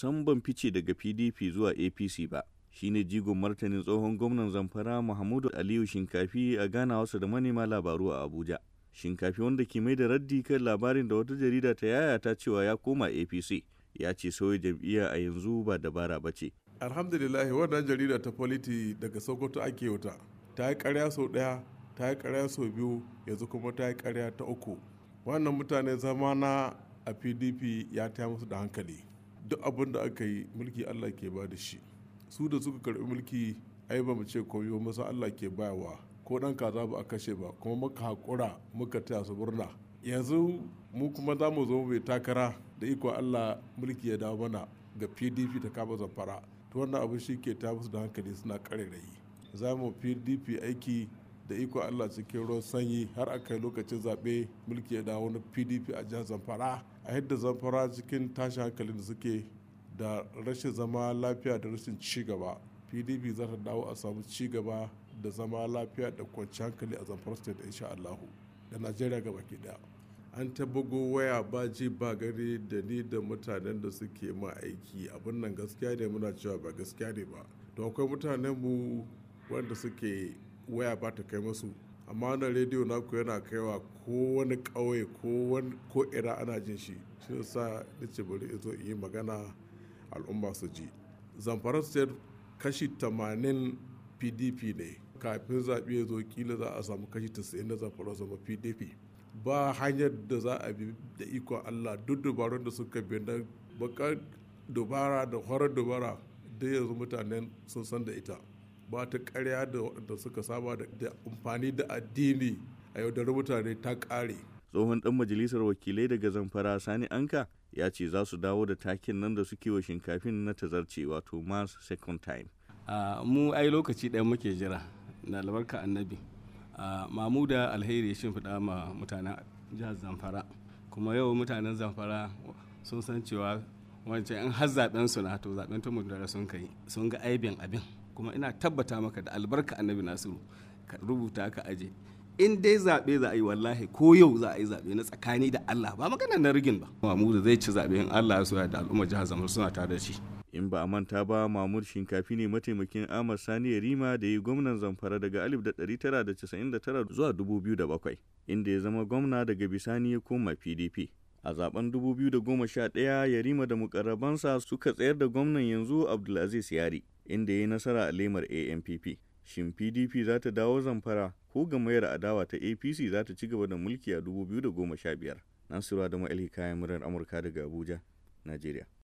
san ban fice daga pdp zuwa apc ba shi ne jigon martanin tsohon gwamnan zamfara muhammadu aliyu shinkafi a ganawarsa da manema labaru a abuja shinkafi wanda ke mai da raddi kan labarin da wata jarida ta yaya ta cewa ya koma apc ya ce sauyi jam'iyya a yanzu ba dabara ba ce alhamdulillah wannan jarida ta politi daga sokoto ake wuta ta yi karya sau ɗaya ta yi karya sau biyu yanzu kuma ta yi karya ta uku wannan mutane zamana na a pdp ya taya musu da hankali duk abin da aka yi mulki allah ke ba da shi su da suka karbi mulki ai ba mu ce koyo masa allah ke bayawa ko dan kaza ba a kashe ba kuma muka haƙura muka taya su murna yanzu mu kuma za mu zo mai takara da iko allah mulki ya dawo mana ga pdp ta kaba zamfara to wannan abu shi ke ta musu da hankali suna kare rayi za mu pdp aiki da iko allah cikin ruwan sanyi har aka yi lokacin zaɓe mulki ya dawo na pdp a jihar zamfara a yadda zamfara cikin tashin hankalin da suke da rashin zama lafiya da rashin cigaba pdp za ta dawo a samu ci gaba da zama lafiya da kwanci hankali a zamfara state insha allahu da najeriya gaba ke daya an ta waya ba ji ba gari da ni da mutanen da suke ma aiki abin nan gaskiya ne muna cewa ba gaskiya ne ba to akwai mutanen mu wanda suke waya ba ta kai masu amma na rediyo naku yana kaiwa ko wani ƙauye ko ira ana jin shi shi sa nace bari zo yi magana al'umma su ji zamfara state kashi 80 pdp ne kafin zaɓe ya zo kila za a samu kashi 90 na zamfara zama pdp ba hanyar da za a bi da ikon allah duk dubarun da suka bi na bakar dubara da horar dubara da yanzu mutanen sun san da ita ba ta karya da suka saba da amfani da addini a yau da mutane ta ƙare. tsohon ɗan majalisar wakilai daga zamfara sani anka ya ce za su dawo da takin nan da suke wa shinkafin na tazarce wato mars second time mu ai lokaci ɗaya muke jira na albarka annabi mamuda alheri ya shimfiɗa ma mutanen jihar zamfara kuma yau mutanen zamfara sun san cewa wancan in har zaɓen su na to zaben tumu sun kai sun ga aibin abin kuma ina tabbata maka da albarka annabi nasiru ka rubuta ka aje in dai zaɓe za a yi wallahi ko yau za a yi zaɓe na tsakani da Allah ba magana na rigin ba. Mahmud zai ci zaɓe in Allah ya soya da al'umma jihar zamar suna tare da shi. In ba a manta ba Mahmud Shinkafi ne mataimakin Ahmad Sani Rima da yi gwamnan Zamfara daga alif 1999 zuwa 2007 inda ya zama gwamna daga bisani ya koma PDP. A zaben 2011 Yarima da mukarrabansa suka tsayar da gwamnan yanzu Abdulaziz Yari. inda ya yi nasara a lemar ANPP. Shin PDP za ta dawo zamfara ko ga mayar adawa ta APC za ta ci gaba da mulki a 2015? Nasiru Adamu kayan Murar Amurka daga Abuja, Najeriya.